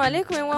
Aujourd'hui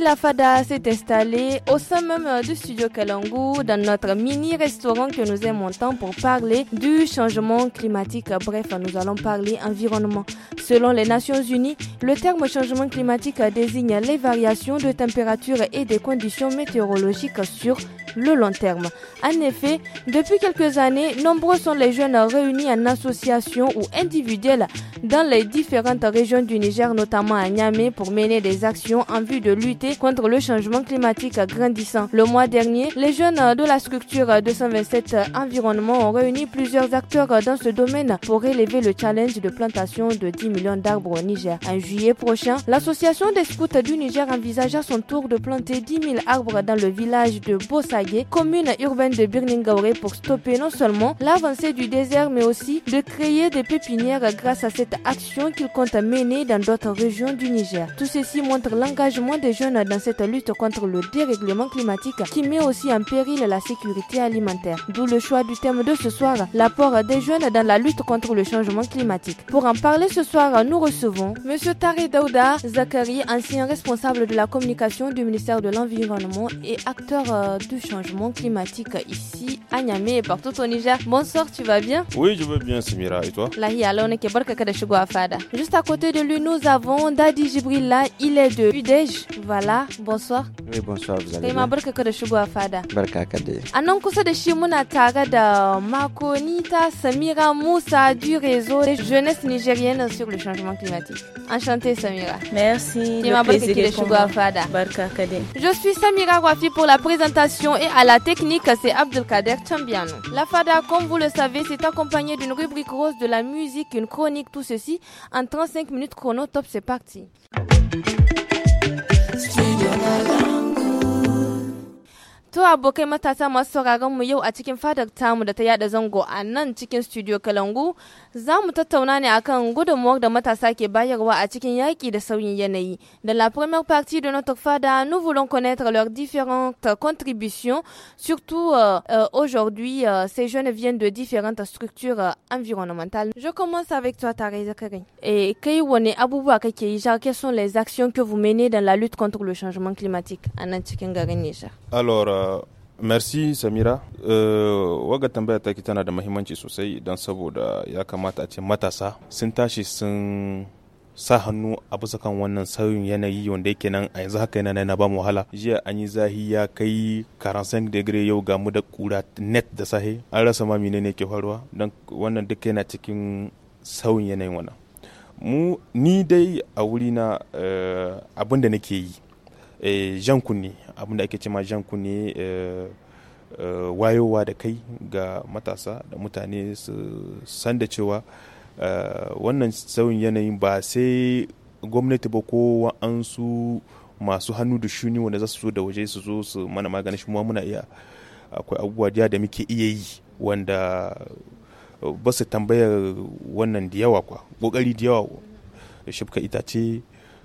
la fada s'est installée au sein même du studio Kalangu dans notre mini restaurant que nous aimons tant pour parler du changement climatique. Bref, nous allons parler environnement. Selon les Nations Unies, le terme changement climatique désigne les variations de température et des conditions Météorologique sur le long terme. En effet, depuis quelques années, nombreux sont les jeunes réunis en association ou individuels dans les différentes régions du Niger, notamment à Niamey, pour mener des actions en vue de lutter contre le changement climatique grandissant. Le mois dernier, les jeunes de la structure 227 Environnement ont réuni plusieurs acteurs dans ce domaine pour élever le challenge de plantation de 10 millions d'arbres au Niger. En juillet prochain, l'association des scouts du Niger envisage à son tour de planter 10 000 arbres dans le village de Bossa commune urbaine de Birningaure, pour stopper non seulement l'avancée du désert, mais aussi de créer des pépinières grâce à cette action qu'il compte mener dans d'autres régions du Niger. Tout ceci montre l'engagement des jeunes dans cette lutte contre le dérèglement climatique qui met aussi en péril la sécurité alimentaire. D'où le choix du thème de ce soir, l'apport des jeunes dans la lutte contre le changement climatique. Pour en parler ce soir, nous recevons Monsieur Tari Daouda Zakari, ancien responsable de la communication du ministère de l'Environnement et acteur euh, du changement changement climatique ici à Niamey et partout au Niger. Bonsoir, tu vas bien Oui, je vais bien, Samira. Et toi Juste à côté de lui, nous avons Dadi Jibrilla. Il est de Udej. Voilà, bonsoir. Oui, bonsoir, vous allez bien. barka da shigowa fada. Barka ka kusa da shi muna tare da Makonita Samira Moussa du réseau des jeunesses nigériennes sur le changement climatique. Enchanté Samira. Merci. Barka fada. Barka Je suis Samira Wafi pour la présentation à la technique, c'est Abdelkader Chambiano. La Fada, comme vous le savez, c'est accompagné d'une rubrique rose de la musique, une chronique, tout ceci en 35 minutes chrono. Top, c'est parti. To abokai matasa masu sauraron yau a cikin fadar tamu da ta yada zango a nan cikin studio Kalangu za tattauna ne akan gudunmuwar da matasa ke bayarwa a cikin yaƙi da sauyin yanayi. Da la première partie de notre fada, nous voulons connaître leurs différentes contributions, surtout euh, euh, aujourd'hui euh, ces jeunes viennent de différentes structures environnementales. Je commence avec toi Tare Zakari. Et kai wani abubuwa kake quelles sont les actions que vous menez dans la lutte contre le changement climatique a nan cikin garin Niger? Alors Eh, merci samira uh, eh, waga tambaya ta tana da mahimmanci sosai don saboda ya kamata a ce matasa sun tashi sun sa hannu a bisa kan wannan sauyin yanayi wanda yake nan a yanzu haka yana na ba mu wahala jiya an yi zahi ya kai 45 degree yau mu da kura net da sahi an rasa ma menene ke faruwa don wannan duka yana cikin sauyin yanayin wannan mu ni dai a wuri na uh, eh, abin da nake yi Eh, jan kunne abinda ake cema jan kunne eh, eh, wayowa da kai ga matasa da mutane su san da cewa wannan sauyin yanayin ba sai gwamnati ba ko wa'ansu masu hannu da shuni wanda za su zo da waje su zo su mana maganin shi muna iya akwai abubuwa da da muke iya yi wanda ba su tambayar wannan da yawa kwa kokari da yawa shifka itace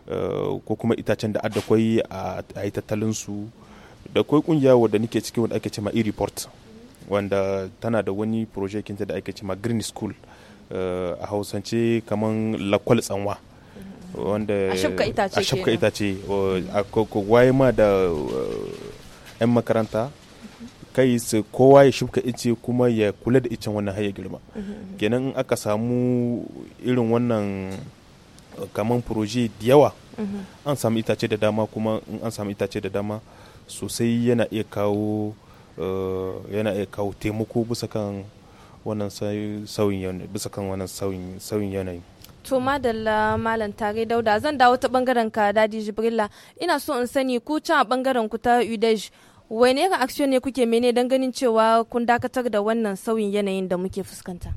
Eh, ko kuma itacen da adda kwai a yi tattalin su da kwai kungiya wadda nike cikin wadda ake cema e-report wanda tana da wani project kinta da ake cema green school eh, a hausance kaman lakwal tsanwa wanda a shafka itace a kogwa ma da eh, 'yan makaranta kai su kowa ya shifka ice kuma ya kula da icen wannan har girma mhm, mhm. kenan aka samu irin wannan kamar proje da yawa mhm. an samu itace da dama kuma in an samu itace da dama sosai yana iya kawo eh, yana iya kawo taimako bisa kan wannan sauyin yanayi bisa kan wannan sauyin yanayi to madalla malam tare dauda zan dawo ta bangaren ka dadi jibrilla ina so in sani ku can a bangaren ku ta udej wane ga action ne kuke mene don ganin cewa kun dakatar da wannan sauyin yanayin da muke fuskanta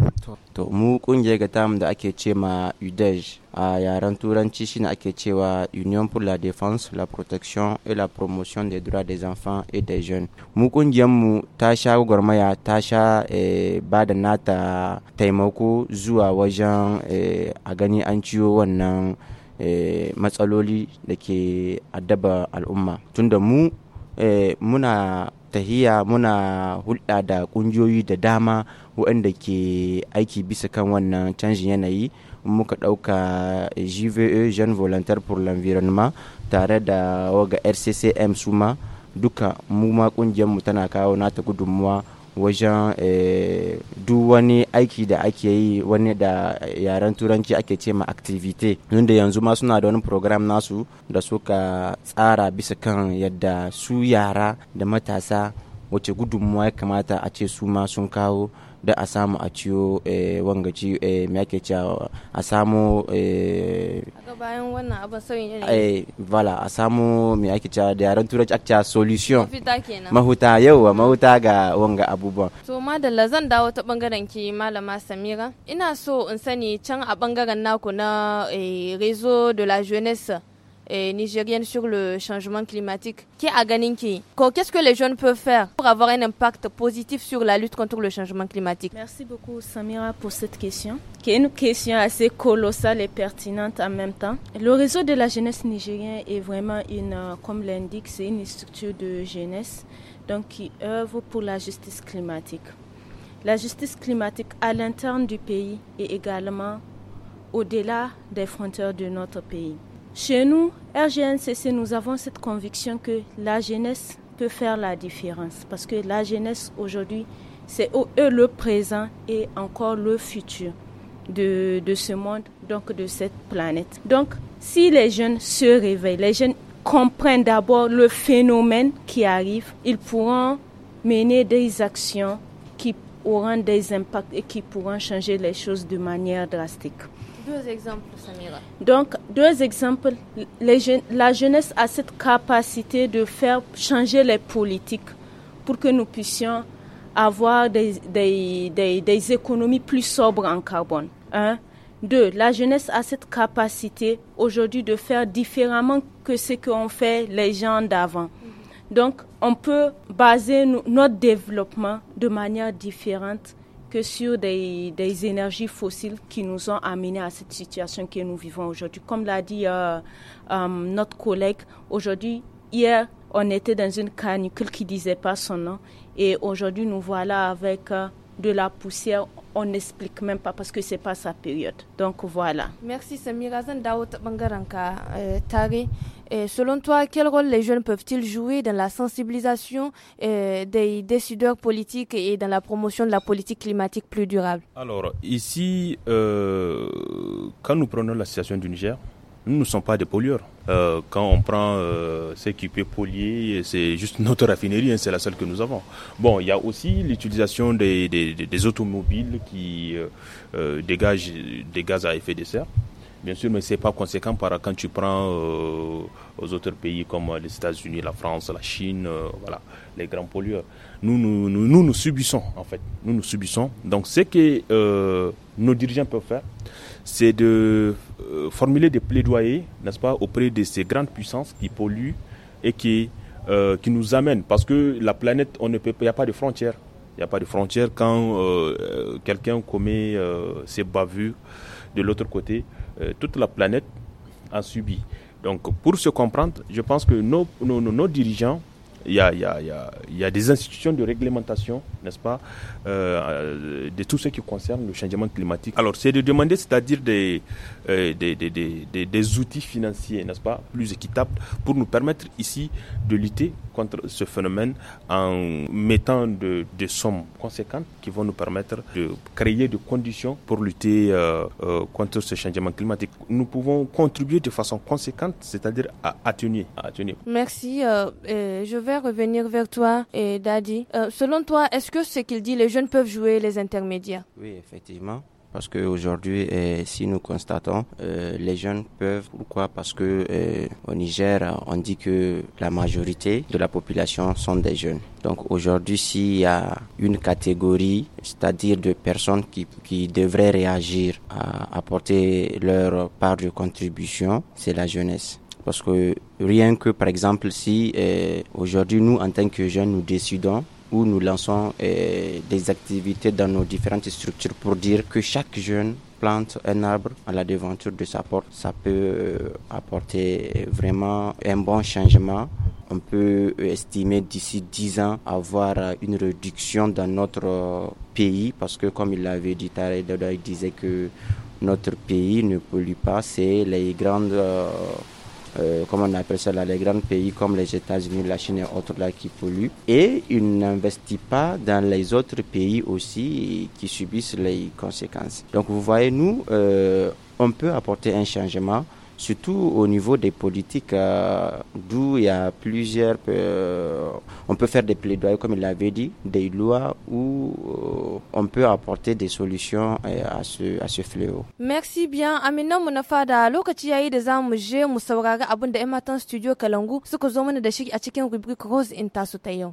to mu kungiyar ga tamu da ake ce ma udej a yaren turanci shine ake cewa union pour la défense la protection et la promotion des droits des enfants et des jeunes mu kungiyar mu ta sha gwarmaya ta sha eh, ba da nata taimako zuwa wajen eh, a gani an ciwo wannan eh, matsaloli da ke addaba al'umma tunda mu Eh, muna tahiya muna hulɗa da ƙungiyoyi da dama waɗanda ke aiki bisa kan wannan canjin yanayi muka ɗauka gve jean volontaire pour l'environnement tare da waga rccm suma duka mu ma ƙungiyarmu tana kawo nata gudunmuwa wajen eh, duk wani aiki da ake yi wani da yaren turanci ake ce ma activity da yanzu ma suna da wani program nasu da suka tsara bisa kan yadda su yara da matasa wace gudunmuwa ya kamata a ce su ma sun kawo da a samu a ciyo eh, wangaci eh, me ake cewa a samu eh, bayan wannan abin vala a samu me ake cewa da yaren turanci ake cewa solution mafita kenan mahuta yauwa mahuta ga wanga abubuwan to madalla zan dawo ta bangaren ki malama samira ina so in sani can a bangaren naku na rezo de la jeunesse et nigérienne sur le changement climatique qui est à Ganinki. Qu'est-ce que les jeunes peuvent faire pour avoir un impact positif sur la lutte contre le changement climatique Merci beaucoup Samira pour cette question, qui est une question assez colossale et pertinente en même temps. Le réseau de la jeunesse nigérienne est vraiment une, euh, comme l'indique, c'est une structure de jeunesse donc qui œuvre pour la justice climatique. La justice climatique à l'interne du pays et également au-delà des frontières de notre pays. Chez nous, RGNCC, nous avons cette conviction que la jeunesse peut faire la différence parce que la jeunesse aujourd'hui, c'est eux le présent et encore le futur de, de ce monde, donc de cette planète. Donc, si les jeunes se réveillent, les jeunes comprennent d'abord le phénomène qui arrive, ils pourront mener des actions qui auront des impacts et qui pourront changer les choses de manière drastique. Deux exemples, Samira. Donc, deux exemples. la jeunesse a cette capacité de faire changer les politiques pour que nous puissions avoir des, des, des économies plus sobres en carbone. Un. Deux, la jeunesse a cette capacité aujourd'hui de faire différemment que ce qu'ont fait les gens d'avant. Mhm. Donc, on peut baser notre développement de manière différente que sur des, énergies fossiles qui nous ont amenés à cette situation que nous vivons aujourd'hui. Comme l'a dit euh, euh, notre collègue, aujourd'hui, hier, on était dans une canicule qui disait pas son nom, et aujourd'hui, nous voilà avec euh, de la poussière on n'explique même pas parce que c'est pas sa période. Donc voilà. Merci Samira Daoud Bangaranka euh, Tari. Selon toi, quel rôle les jeunes peuvent-ils jouer dans la sensibilisation euh, des décideurs politiques et dans la promotion de la politique climatique plus durable Alors ici, euh, quand nous prenons la situation du Niger, nous ne sommes pas des pollueurs. Euh, quand on prend euh, ce qui peut polluer, c'est juste notre raffinerie, hein, c'est la seule que nous avons. Bon, il y a aussi l'utilisation des, des, des, automobiles qui euh, euh, dégagent des gaz à effet de serre. Bien sûr, mais ce n'est pas conséquent par quand tu prends euh, aux autres pays comme les États-Unis, la France, la Chine, voilà, les grands pollueurs. Nous nous, nous nous, nous subissons, en fait. Nous nous subissons. Donc, ce que nos dirigeants peuvent faire, c'est de euh, formuler des plaidoyers, n'est-ce pas, auprès de ces grandes puissances qui polluent et qui, euh, qui nous amènent. Parce que la planète, on ne peut il n'y a pas de frontières. Il n'y a pas de frontières quand euh, quelqu'un commet ses bavures de l'autre côté. toute la planète a subi. Donc, pour se comprendre, je pense que nos, nos, nos dirigeants il y a, il y, a, il y a des institutions de réglementation, n'est-ce pas, euh, de tout ce qui concerne le changement climatique. Alors, c'est de demander, c'est-à-dire euh, des, des, des, des, des, outils financiers, n'est-ce pas, plus équitables pour nous permettre ici de lutter contre ce phénomène en mettant de, des sommes conséquentes qui vont nous permettre de créer des conditions pour lutter euh, contre ce changement climatique. Nous pouvons contribuer de façon conséquente, c'est-à-dire à atténuer. À atténuer. Merci. je vais revenir vers toi, et Dadi. Euh, selon toi, est-ce que ce qu'il dit, les jeunes peuvent jouer les intermédiaires Oui, effectivement parce qu'aujourd'hui, eh, si nous constatons, eh, les jeunes peuvent. Pourquoi Parce que eh, au Niger, on dit que la majorité de la population sont des jeunes. Donc aujourd'hui, s'il y a une catégorie, c'est-à-dire de personnes qui, qui devraient réagir à apporter leur part de contribution, c'est la jeunesse. Parce que rien que, par exemple, si eh, aujourd'hui nous, en tant que jeunes, nous décidons ou nous lançons eh, des activités dans nos différentes structures pour dire que chaque jeune plante un arbre à la devanture de sa porte, ça peut euh, apporter vraiment un bon changement. On peut euh, estimer d'ici 10 ans avoir une réduction dans notre euh, pays parce que comme il l'avait dit, il disait que notre pays ne pollue pas, c'est les grandes... Euh, comme on appelle ça là, les grands pays comme les États-Unis, la Chine et autres là qui polluent. Et ils n'investissent pas dans les autres pays aussi qui subissent les conséquences. Donc vous voyez, nous, euh, on peut apporter un changement surtout au niveau des politiques, euh, d'où il y a plusieurs. Euh, on peut faire des plaidoyers, comme il l'avait dit, des lois où euh, on peut apporter des solutions euh, à ce, à ce fléau. Merci bien. Amina Munafada, lokaci yayi da za mu je mu saurari abin da 'yan matan studio Kalangu suka zo mana da shi a cikin rubric Rose in tasu ta yau.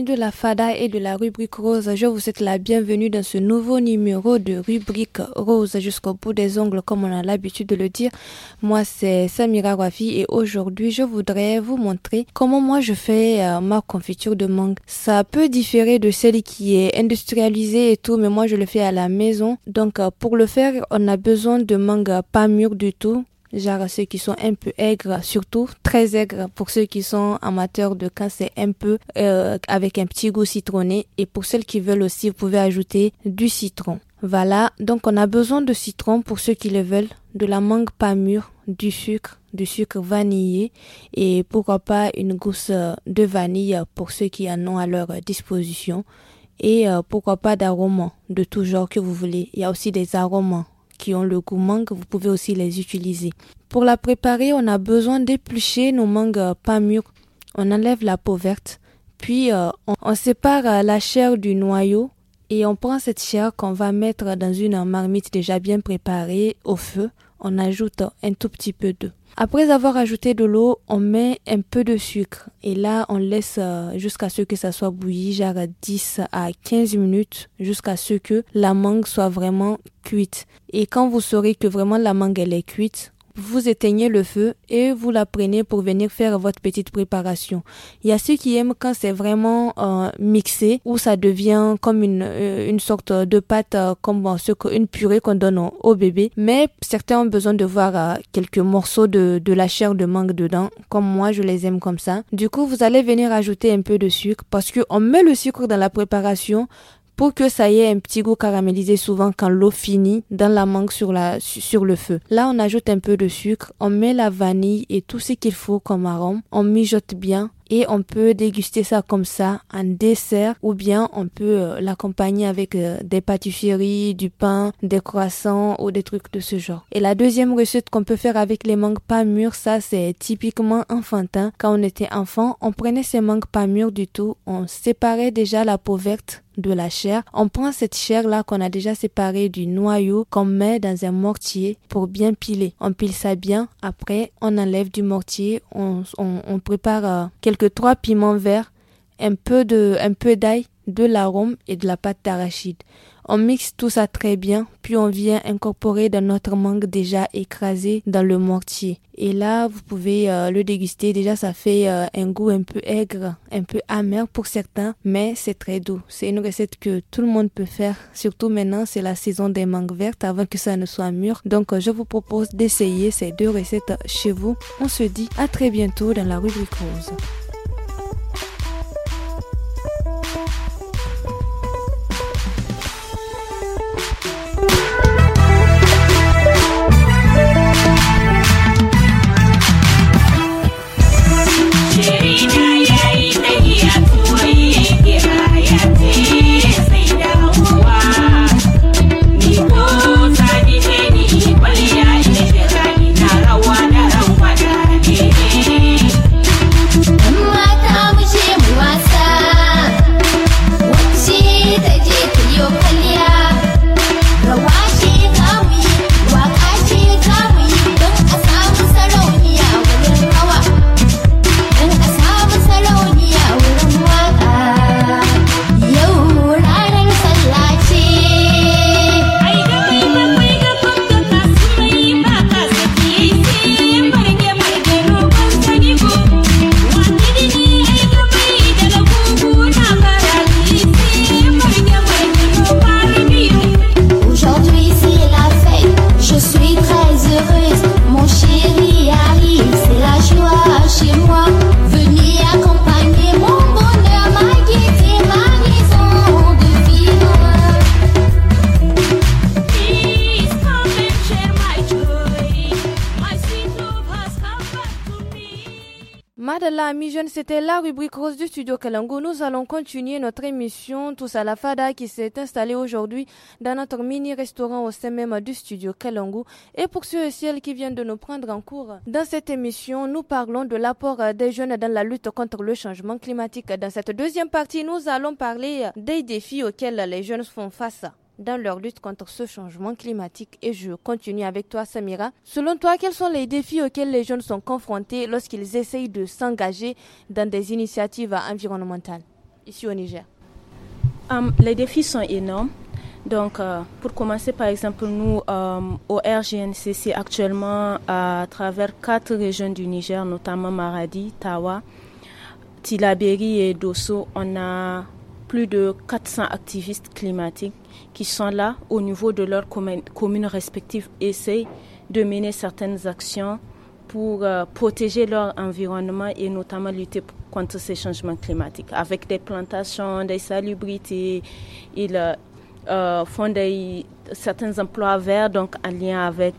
de la FADA et de la rubrique rose, je vous souhaite la bienvenue dans ce nouveau numéro de rubrique rose jusqu'au bout des ongles comme on a l'habitude de le dire. Moi c'est Samira Wafi et aujourd'hui je voudrais vous montrer comment moi je fais euh, ma confiture de mangue. Ça peut différer de celle qui est industrialisée et tout mais moi je le fais à la maison. Donc euh, pour le faire on a besoin de mangue pas mûre du tout genre ceux qui sont un peu aigres, surtout très aigres. Pour ceux qui sont amateurs de casser un peu euh, avec un petit goût citronné. Et pour ceux qui veulent aussi, vous pouvez ajouter du citron. Voilà, donc on a besoin de citron pour ceux qui le veulent, de la mangue pas mûre, du sucre, du sucre vanillé et pourquoi pas une gousse euh, de vanille pour ceux qui en ont à leur disposition et euh, pourquoi pas d'arômes de tout genre que vous voulez. Il y a aussi des arômes ont le goût mangue, vous pouvez aussi les utiliser. Pour la préparer, on a besoin d'éplucher nos mangues euh, pas mûres. On enlève la peau verte, puis euh, on, sépare euh, la chair du noyau et on prend cette chair qu'on va mettre dans une marmite déjà bien préparée au feu on ajoute un tout petit peu d'eau. Après avoir ajouté de l'eau, on met un peu de sucre et là on laisse euh, jusqu'à ce que ça soit bouilli, genre 10 à 15 minutes, jusqu'à ce que la mangue soit vraiment cuite. Et quand vous saurez que vraiment la mangue elle est cuite, vous éteignez le feu et vous la prenez pour venir faire votre petite préparation. Il y a ceux qui aiment quand c'est vraiment euh, mixé, ou ça devient comme une, euh, une sorte de pâte, euh, comme ce une purée qu'on donne au bébé. Mais certains ont besoin de voir quelques morceaux de, de la chair de mangue dedans, comme moi je les aime comme ça. Du coup, vous allez venir ajouter un peu de sucre parce que on met le sucre dans la préparation pour que ça ait un petit goût caramélisé souvent quand l'eau finit dans la mangue sur, la, sur le feu. Là, on ajoute un peu de sucre, on met la vanille et tout ce qu'il faut comme arôme, on mijote bien et on peut déguster ça comme ça, un dessert, ou bien on peut euh, l'accompagner avec euh, des pâtisseries, du pain, des croissants ou des trucs de ce genre. Et la deuxième recette qu'on peut faire avec les mangues pas mûres, ça c'est typiquement enfantin. Quand on était enfant, on prenait ces mangues pas mûres du tout, on séparait déjà la peau verte de la chair. On prend cette chair là qu'on a déjà séparée du noyau qu'on met dans un mortier pour bien piler. On pile ça bien. Après, on enlève du mortier. On, prépare euh, quelques trois piments verts, un peu de, un peu d'ail, de l'arôme et de la pâte d'arachide. On mixe tout ça très bien, puis on vient incorporer dans notre mangue déjà écrasée dans le mortier. Et là, vous pouvez euh, le déguster. Déjà, ça fait euh, un goût un peu aigre, un peu amer pour certains, mais c'est très doux. C'est une recette que tout le monde peut faire. Surtout maintenant, c'est la saison des mangues vertes avant que ça ne soit mûr. Donc, euh, je vous propose d'essayer ces deux recettes chez vous. On se dit à très bientôt dans la rubrique rose. studio nous allons continuer notre émission Tous à la Fada qui s'est installée aujourd'hui dans notre mini-restaurant au sein même du studio Kalango. Et pour ceux et celles qui viennent de nous prendre en cours, dans cette émission, nous parlons de l'apport des jeunes dans la lutte contre le changement climatique. Dans cette deuxième partie, nous allons parler des défis auxquels les jeunes font face dans leur lutte contre ce changement climatique. Et je continue avec toi, Samira. Selon toi, quels sont les défis auxquels les jeunes sont confrontés lorsqu'ils essayent de s'engager dans des initiatives environnementales ici au Niger hum, Les défis sont énormes. Donc, euh, pour commencer, par exemple, nous, euh, au RGNCC, actuellement, à travers quatre régions du Niger, notamment Maradi, Tawa, Tilaberi et Dosso, on a plus de 400 activistes climatiques qui sont là au niveau de leurs communes commune respectives essayent de mener certaines actions pour euh, protéger leur environnement et notamment lutter contre ces changements climatiques. Avec des plantations, des salubrités, ils euh, euh, font certains emplois verts, donc en lien avec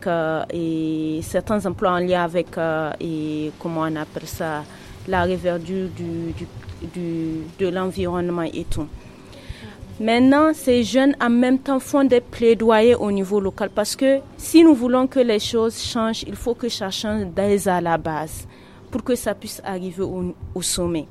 et certains emplois en lien avec et comment on appelle ça, la réverdure du de l'environnement et tout. Maintenant, ces jeunes en même temps font des plaidoyers au niveau local parce que si nous voulons que les choses changent, il faut que ça change dès à la base pour que ça puisse arriver au, au sommet.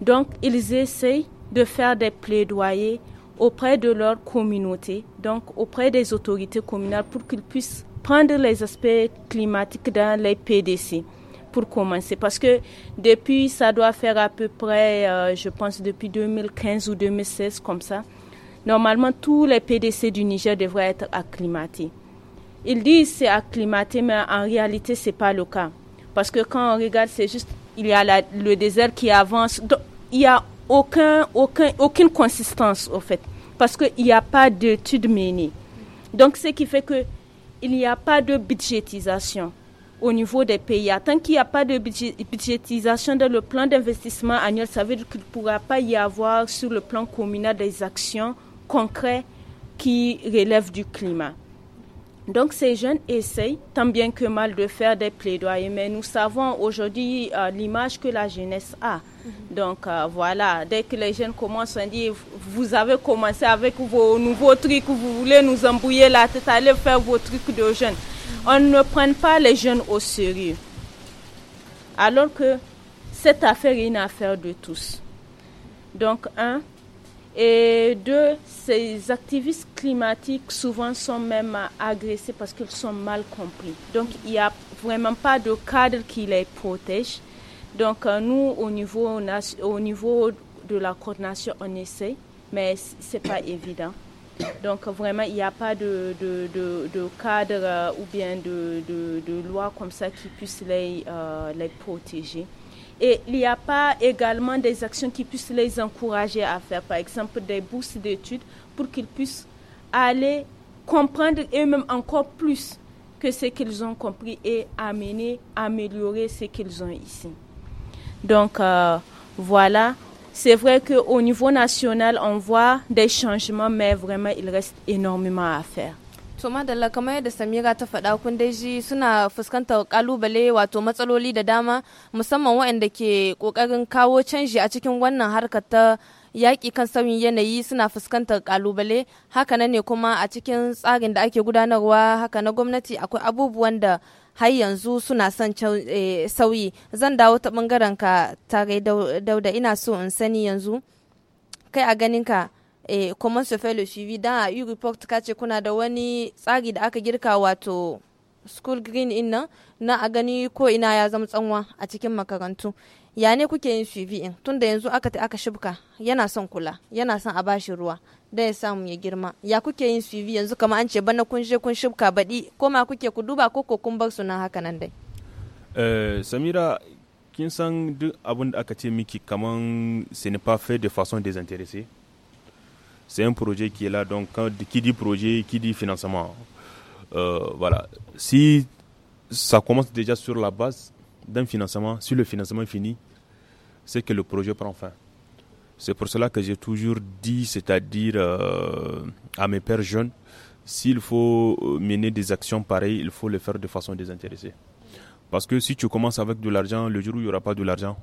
Donc, ils essayent de faire des plaidoyers auprès de leur communauté, donc auprès des autorités communales pour qu'ils puissent prendre les aspects climatiques dans les PDC pour commencer. Parce que depuis, ça doit faire à peu près, euh, je pense, depuis 2015 ou 2016, comme ça. Normalement, tous les PDC du Niger devraient être acclimatés. Ils disent c'est acclimaté, mais en réalité, ce n'est pas le cas. Parce que quand on regarde, c'est juste, il y a le désert qui avance. Donc, il n'y a aucun, aucun, aucune consistance, au fait. Parce qu'il n'y a pas d'études menées. Donc, ce qui fait que il n'y a pas de budgétisation au niveau des pays. Tant qu'il n'y a pas de budgétisation dans le plan d'investissement annuel, ça veut dire qu'il ne pourra pas y avoir sur le plan communal des actions concrètes qui relèvent du climat. Donc ces jeunes essayent tant bien que mal de faire des plaidoyers, mais nous savons aujourd'hui euh, l'image que la jeunesse a. Mhm. Donc euh, voilà, dès que les jeunes commencent à dire, vous avez commencé avec vos nouveaux trucs, vous voulez nous embrouiller la tête, allez faire vos trucs de jeunes on ne prend pas les jeunes au sérieux. Alors que cette affaire est une affaire de tous. Donc, un. Et deux, ces activistes climatiques souvent sont même agressés parce qu'ils sont mal compris. Donc, il n'y a vraiment pas de cadre qui les protège. Donc, euh, nous, au niveau, au niveau de la coordination, on essaie, mais ce n'est pas évident. Donc vraiment, il n'y a pas de, cadre euh, ou bien de, loi comme ça qui puisse euh, les, protéger. Et il n'y a pas également des actions qui puissent les encourager à faire, par exemple, des bourses d'études pour qu'ils puissent aller comprendre eux-mêmes encore plus que ce qu'ils ont compris et amener, améliorer ce qu'ils ont ici. Donc euh, voilà, C'est vrai qu'au niveau national, on voit des changements, mais vraiment, il reste énormément à faire. to madalla kamar yadda samira ta faɗa kun dai ji suna fuskantar kalubale wato matsaloli da dama musamman waɗanda ke ƙoƙarin kawo canji a cikin wannan harkar ta yaƙi kan sauyin yanayi suna fuskantar kalubale haka nan ne kuma a cikin tsarin da ake gudanarwa haka na gwamnati akwai abubuwan da har yanzu suna son eh, sauyi zan dawo ta bangaren ka tare dauda ina so in sani yanzu kai a ganin ka eh, comment se fait a report ka ce kuna da wani tsari da aka girka wato school green in nan na a gani ko ina ya zama tsanwa a cikin makarantu ya ne kuke yin suivi din tunda yanzu aka ta aka shibka yana son kula yana son a bashi ruwa da ya samu ya girma ya kuke yin suivi yanzu kama an ce bana kun je kun shibka baɗi ko ma kuke ku duba ko kun bar su nan haka nan dai eh, samira kin san duk abin da aka ce miki kaman ce n'est pas fait de façon désintéressée c'est un projet qui est là donc qui dit projet qui dit financement euh, voilà si ça commence déjà sur la base d'un financement si le financement est fini c'est que le projet prend fin. C'est pour cela que j'ai toujours dit, c'est-à-dire euh, à mes pères jeunes, s'il faut euh, mener des actions pareilles, il faut les faire de façon désintéressée. Parce que si tu commences avec de l'argent, le jour où il n'y aura pas de l'argent,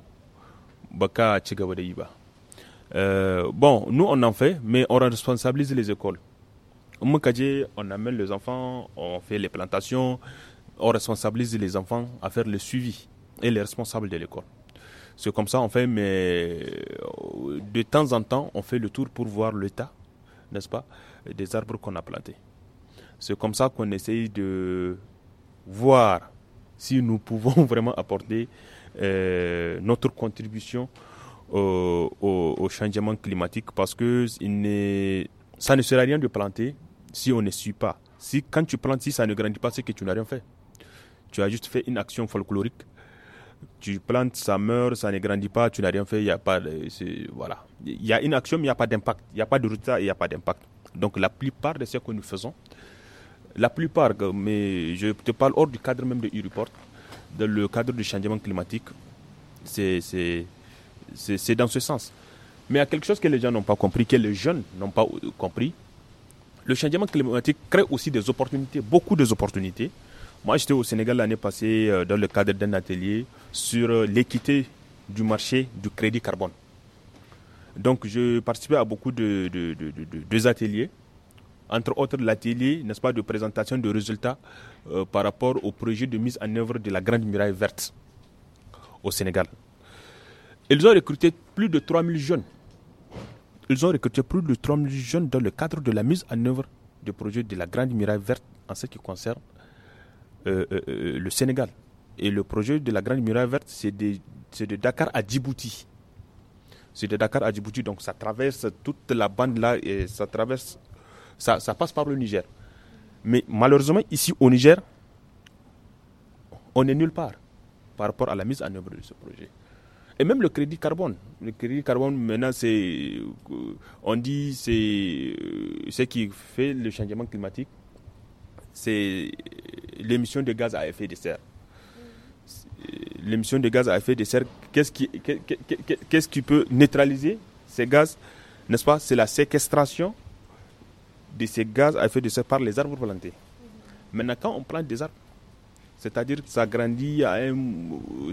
Baka euh, Bon, nous on en fait, mais on responsabilise les écoles. Au on amène les enfants, on fait les plantations, on responsabilise les enfants à faire le suivi et les responsables de l'école. C'est comme ça, on fait, mais euh, de temps en temps, on fait le tour pour voir l'état, n'est-ce pas, des arbres qu'on a plantés. C'est comme ça qu'on essaye de voir si nous pouvons vraiment apporter euh, notre contribution au, changement climatique parce que il ça ne sert à rien de planter si on ne suit pas. Si quand tu plantes, si ça ne grandit pas, c'est que tu n'as rien fait. Tu as juste fait une action folklorique tu plantes, ça meurt, ça ne grandit pas, tu n'as rien fait, il y a pas voilà. Il y a une action, mais il n'y a pas d'impact. Il n'y a pas de résultat, il n'y a pas d'impact. Donc la plupart de ce que nous faisons, la plupart, mais je te parle hors du cadre même de e-report, dans le cadre du changement climatique, c'est dans ce sens. Mais il y a quelque chose que les gens n'ont pas compris, que les jeunes n'ont pas compris. Le changement climatique crée aussi des opportunités, beaucoup d'opportunités, opportunités moi, j'étais au Sénégal l'année passée euh, dans le cadre d'un atelier sur euh, l'équité du marché du crédit carbone. Donc, je participais à beaucoup de, deux ateliers, entre autres l'atelier, n'est-ce pas, de présentation de résultats euh, par rapport au projet de mise en œuvre de la Grande Muraille Verte au Sénégal. Ils ont recruté plus de 3000 jeunes. Ils ont recruté plus de 3000 jeunes dans le cadre de la mise en œuvre du projet de la Grande Muraille Verte en ce qui concerne euh, euh, euh, le Sénégal. Et le projet de la Grande Muraille Verte, c'est de, Dakar à Djibouti. C'est de Dakar à Djibouti, donc ça traverse toute la bande là, et ça traverse, ça, passe par le Niger. Mais malheureusement, ici au Niger, on est nulle part par rapport à la mise en œuvre de ce projet. Et même le crédit carbone. Le crédit carbone, maintenant, c'est. On dit c'est ce qui fait le changement climatique c'est l'émission de gaz à effet de serre. L'émission de gaz à effet de serre, qu'est-ce qui, qu'est-ce qui peut neutraliser ces gaz, n'est-ce pas C'est la séquestration de ces gaz à effet de serre par les arbres plantés. Maintenant, quand on plante des arbres, c'est-à-dire que ça grandit,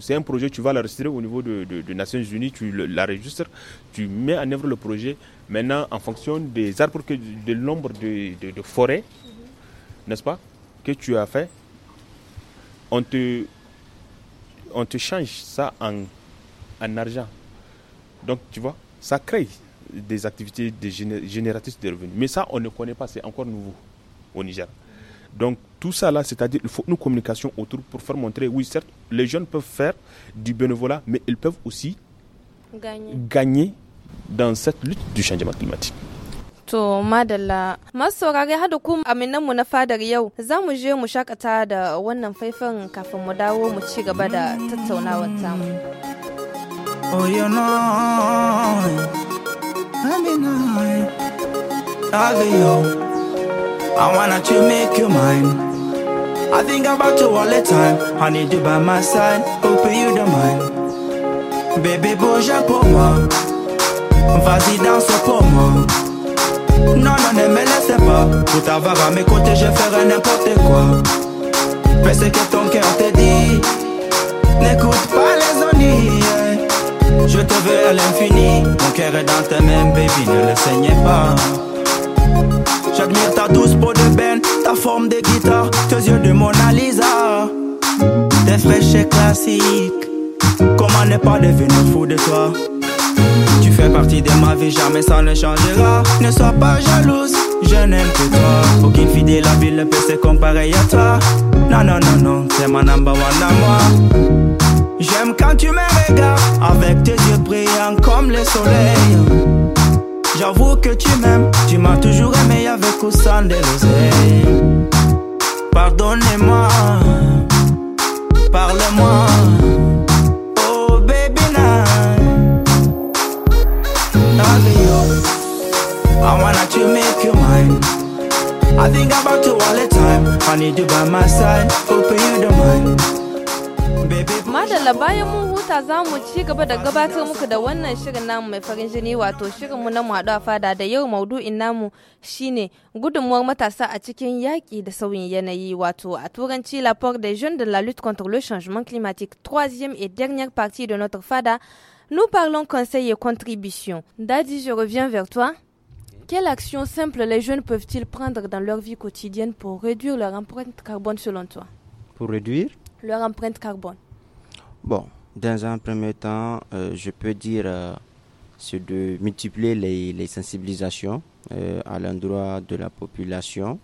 c'est un projet, tu vas l'enregistrer au niveau des de, Nations Unies, tu l'enregistres, tu mets en œuvre le projet. Maintenant, en fonction des arbres, que, de nombre de, forêts n'est-ce pas, que tu as fait, on te, on te change ça en, argent. Donc, tu vois, ça crée des activités des génératrices de revenus. Mais ça, on ne connaît pas, c'est encore nouveau au Niger. Donc, tout ça là, c'est-à-dire, il faut nous communication autour pour faire montrer, oui, certes, les jeunes peuvent faire du bénévolat, mais ils peuvent aussi gagner dans cette lutte du changement climatique. To madalla masu saurari hada ku aminanmu na fadar yau za mu je mu shakata da wannan faifan kafin mu dawo mu ci gaba da tattaunawar tamu. I wanna to make you mine. I think about you all the time. I need you by my side. Hope you don't mind. Baby, bouge pour moi. Vas-y, danse pour moi. Non, non, ne me laissez pas. Pour t'avoir à mes côtés, je ferai n'importe quoi. Fais ce que ton cœur te dit. N'écoute pas les ennuis. Je te veux à l'infini. Mon cœur est dans tes mains, baby, ne le saignez pas. J'admire ta douce peau de benne, ta forme de guitare, tes yeux de Mona Lisa. Tes fraîches classiques. Comment n'est pas devenu fou de toi? Tu fais partie de ma vie, jamais ça ne changera. Ne sois pas jalouse, je n'aime que toi. Aucune fille de la ville peut se comparer à toi. Non, non, non, non, c'est ma number one à moi. J'aime quand tu me regardes avec tes yeux brillants comme le soleil. J'avoue que tu m'aimes, tu m'as toujours aimé avec au sans de l'oseille. Pardonnez-moi, parlez moi I wanna not you make you mine. I think about you all the time. I need you by my side. hope you don't mind. Madalla bayan mun huta za mu ci gaba da gabatar muku da wannan shirin namu mai farin jini wato mu na mu a fada da yau maudu'in namu shine gudunmuwar matasa a cikin yaƙi da sauyin yanayi wato a turanci la porte des jeunes de la lutte contre le changement climatique troisième et dernière partie de notre fada Nous parlons conseil et contribution. dadi je reviens vers toi. Quelle action simple les jeunes peuvent-ils prendre dans leur vie quotidienne pour réduire leur empreinte carbone selon toi Pour réduire Leur empreinte carbone. Bon, dans un premier temps, euh, je peux dire, euh, c'est de multiplier les, sensibilisations euh, à l'endroit de la population,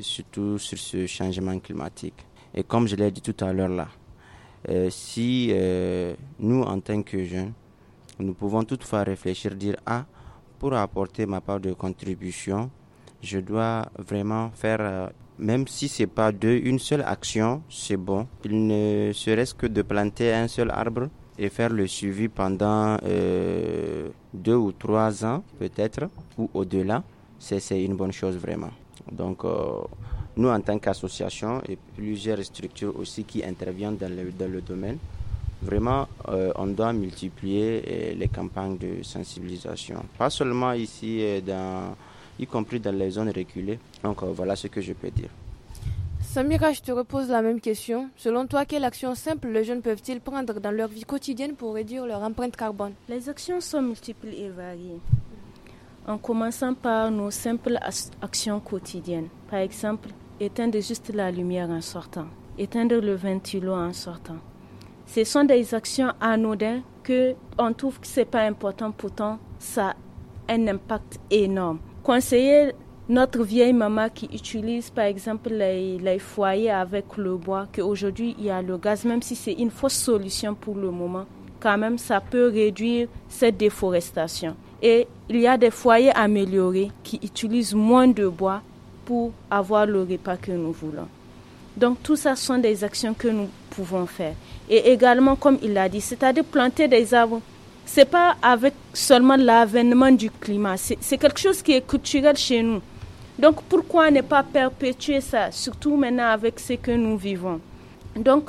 surtout sur ce changement climatique. Et comme je l'ai dit tout à l'heure là, si nous, en tant que jeunes, nous pouvons toutefois réfléchir, dire, ah, pour apporter ma part de contribution, je dois vraiment faire, euh, même si c'est pas deux, une seule action, c'est bon. Il ne serait-ce que de planter un seul arbre et faire le suivi pendant euh, deux ou trois ans peut-être, ou au-delà, c'est une bonne chose vraiment. Donc euh, nous en tant qu'association et plusieurs structures aussi qui interviennent dans dans le domaine, Vraiment, euh, on doit multiplier euh, les campagnes de sensibilisation, pas seulement ici, euh, y compris dans les zones reculées. Donc voilà ce que je peux dire. Samira, je te repose la même question. Selon toi, quelle actions simple les jeunes peuvent-ils prendre dans leur vie quotidienne pour réduire leur empreinte carbone Les actions sont multiples et variées. En commençant par nos simples actions quotidiennes. Par exemple, éteindre juste la lumière en sortant, éteindre le ventilo en sortant, ce sont des actions anodines que on trouve que c'est pas important, pourtant ça a un impact énorme. Conseiller notre vieille maman qui utilise par exemple les, foyers avec le bois, qu'aujourd'hui il y a le gaz, même si c'est une fausse solution pour le moment, quand même ça peut réduire cette déforestation. Et il y a des foyers améliorés qui utilisent moins de bois pour avoir le repas que nous voulons. Donc tout ça sont des actions que nous pouvons faire. Et également, comme il l'a dit, c'est-à-dire planter des arbres. Ce n'est pas avec seulement l'avènement du climat, c'est quelque chose qui est culturel chez nous. Donc pourquoi ne pas perpétuer ça, surtout maintenant avec ce que nous vivons Donc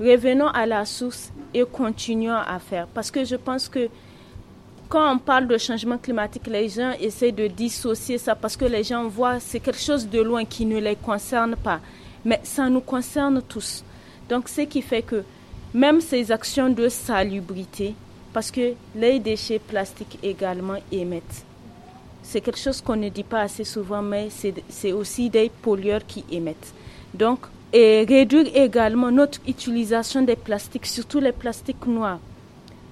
revenons à la source et continuons à faire. Parce que je pense que quand on parle de changement climatique, les gens essaient de dissocier ça parce que les gens voient c'est quelque chose de loin qui ne les concerne pas. Mais ça nous concerne tous. Donc, ce qui fait que même ces actions de salubrité, parce que les déchets plastiques également émettent. C'est quelque chose qu'on ne dit pas assez souvent, mais c'est aussi des pollueurs qui émettent. Donc, réduire également notre utilisation des plastiques, surtout les plastiques noirs.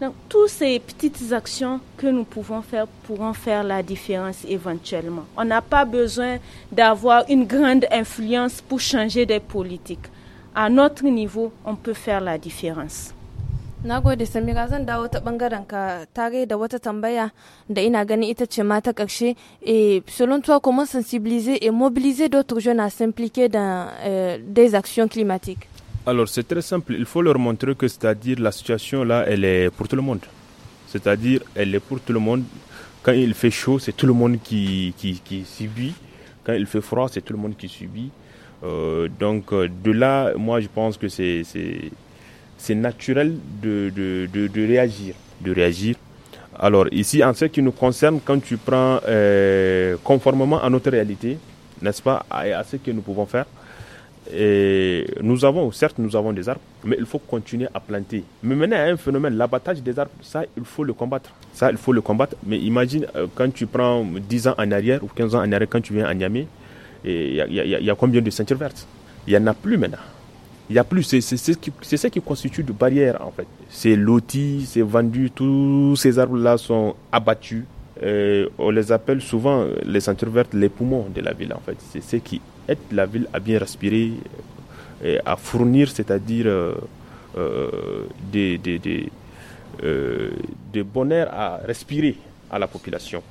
Donc, toutes ces petites actions que nous pouvons faire pourront faire la différence éventuellement. On n'a pas besoin d'avoir une grande influence pour changer des politiques. À notre niveau on peut faire la différence na gode samira zan dawo ta bangaren ka tare da wata tambaya da gani ita ce et eh, selon toi comment sensibiliser et mobiliser d'autres jeunes à s'impliquer dans euh, des actions climatiques alors c'est très simple il faut leur montrer que c'est-à-dire la situation là elle est pour tout le monde c'est-à-dire elle est pour tout le monde quand il fait chaud c'est tout le monde qui, qui subit quand il fait froid c'est tout le monde qui subit euh, donc euh, de là, moi je pense que c'est naturel de, de, de, réagir. De réagir. Alors ici, en ce qui nous concerne, quand tu prends euh, conformément à notre réalité, n'est-ce pas, à, ce que nous pouvons faire, et nous avons, certes, nous avons des arbres, mais il faut continuer à planter. Mais maintenant, il y a un phénomène, l'abattage des arbres, ça, il faut le combattre. Ça, il faut le combattre. Mais imagine, quand tu prends 10 ans en arrière ou 15 ans en arrière, quand tu viens à Niamey, il y a, combien de ceintures vertes Il n'y en a plus maintenant. Il n'y a plus. C'est ce qui, constitue de barrières. en fait. C'est loti, c'est vendu, tous ces arbres-là sont abattus. Euh, on les appelle souvent euh, les ceintures vertes les poumons de la ville, en fait. C'est ce qui aide la ville à bien respirer, et à fournir, c'est-à-dire euh, euh, des, des, des, air euh, à respirer à la population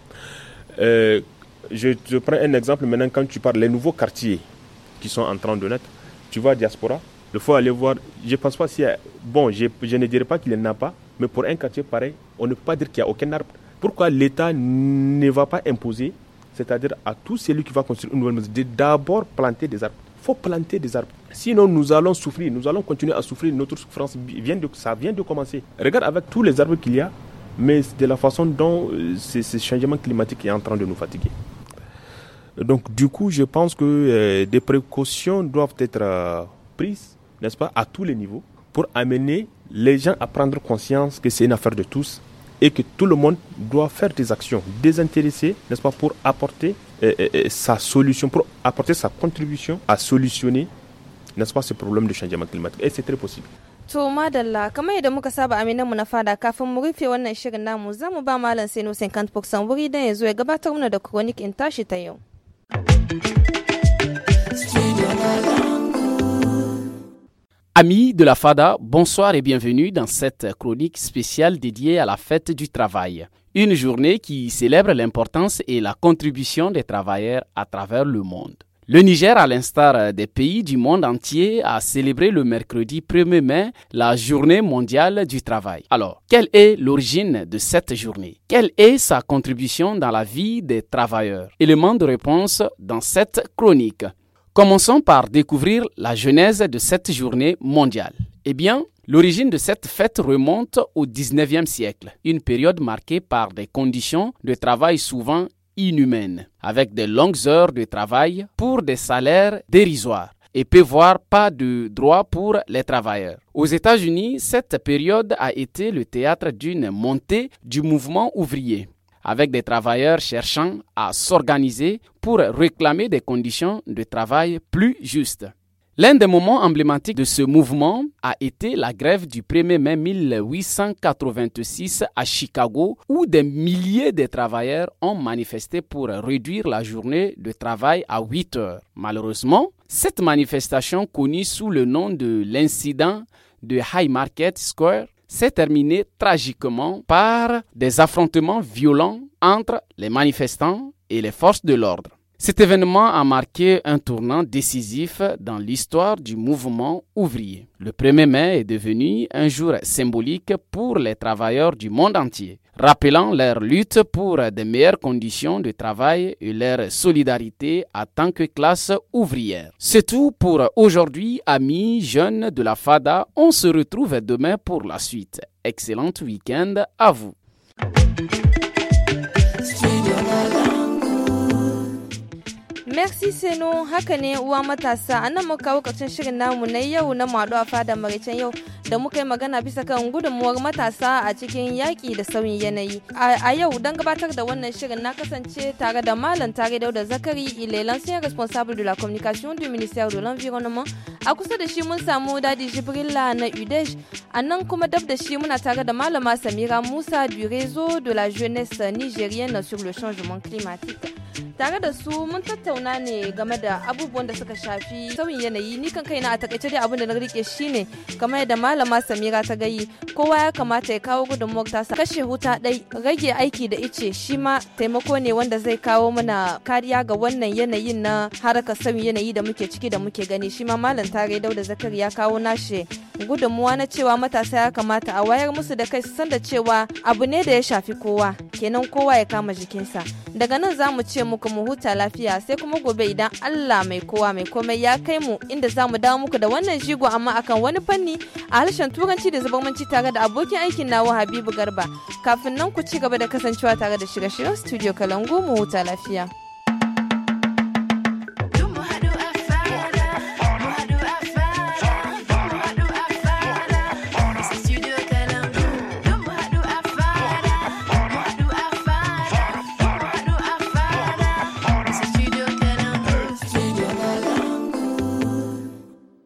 je te prends un exemple maintenant quand tu parles, les nouveaux quartiers qui sont en train de naître, tu vois Diaspora, il faut aller voir, je ne pense pas si... Bon, je, ne dirais pas qu'il n'y en a pas, mais pour un quartier pareil, on ne peut pas dire qu'il n'y a aucun arbre. Pourquoi l'État ne va pas imposer, c'est-à-dire à tout celui qui va construire une nouvelle maison, de d'abord planter des arbres Il faut planter des arbres. Sinon, nous allons souffrir, nous allons continuer à souffrir. Notre souffrance, vient de, ça vient de commencer. Regarde avec tous les arbres qu'il y a, mais de la façon dont euh, ce changement climatique est en train de nous fatiguer. Donc du coup, je pense que euh, des précautions doivent être euh, prises, n'est-ce pas, à tous les niveaux, pour amener les gens à prendre conscience que c'est une affaire de tous et que tout le monde doit faire des actions désintéressées, n'est-ce pas, pour apporter euh, sa solution, pour apporter sa contribution à solutionner, n'est-ce pas, ce problème de changement climatique. Et c'est très possible. To madalla kamar mu na fada kafin mu rufe Amis de la FADA, bonsoir et bienvenue dans cette chronique spéciale dédiée à la fête du travail. Une journée qui célèbre l'importance et la contribution des travailleurs à travers le monde. Le Niger, à l'instar euh, des pays du monde entier, a célébré le mercredi 1er mai la journée mondiale du travail. Alors, quelle est l'origine de cette journée Quelle est sa contribution dans la vie des travailleurs Élément de réponse dans cette chronique. Commençons par découvrir la genèse de cette journée mondiale. Eh bien, L'origine de cette fête remonte au 19e siècle, une période marquée par des conditions de travail souvent inhumaine, avec de longues heures de travail pour des salaires dérisoires et peu voire pas de droits pour les travailleurs. Aux États-Unis, cette période a été le théâtre d'une montée du mouvement ouvrier, avec des travailleurs cherchant à s'organiser pour réclamer des conditions de travail plus justes. L'un des moments emblématiques de ce mouvement a été la grève du 1er mai 1886 à Chicago où des milliers de travailleurs ont manifesté pour réduire la journée de travail à 8 heures. Malheureusement, cette manifestation connue sous le nom de l'incident de High Market Square s'est terminée tragiquement par des affrontements violents entre les manifestants et les forces de l'ordre. Cet événement a marqué un tournant décisif dans l'histoire du mouvement ouvrier. Le 1er mai est devenu un jour symbolique pour les travailleurs du monde entier, rappelant leur lutte pour de meilleures conditions de travail et leur solidarité en tant que classe ouvrière. C'est tout pour aujourd'hui, amis jeunes de la FADA. On se retrouve demain pour la suite. Excellent week-end à vous. Merci Seno haka ne uwa matasa a nan muka kawo ƙarshen shirin namu na yau na maɗu a fadar maraicen yau da muka yi magana bisa kan gudunmuwar matasa a cikin yaƙi da sauyin yanayi. A yau don gabatar da wannan shirin na kasance tare da Malam Tare Dauda Zakari ile l'ancien responsable de la communication du ministère de l'environnement a kusa da shi mun samu dadi Jibrilla na Udesh a nan kuma dab da shi muna tare da Malama Samira Musa du réseau de la jeunesse nigérienne sur le changement climatique. tare da su mun tattauna ne game da abubuwan da suka shafi sauyin yanayi ni kan kaina a takaice dai abin da na rike shine kamar yadda malama samira ta gayi kowa ya kamata ya kawo gudunmuwar tasa kashe huta dai rage aiki da ice shi ma taimako ne wanda zai kawo mana kariya ga wannan yanayin na harkar sauyin yanayi da muke ciki da muke gani shi ma malam tare da zakari ya kawo nashi gudunmuwa na cewa matasa ya kamata a wayar musu da kai su san da cewa abu ne da ya shafi kowa kenan kowa ya kama jikinsa daga nan za mu ce ce muku mu huta lafiya sai kuma gobe idan Allah mai kowa mai komai ya kai mu inda za mu dawo muku da wannan jigo amma akan wani fanni a harshen turanci da zubamanci tare da abokin aikin nawa Habibu Garba. Kafin nan ku ci gaba da kasancewa tare da shirye-shiryen Studio Kalangu mu huta lafiya.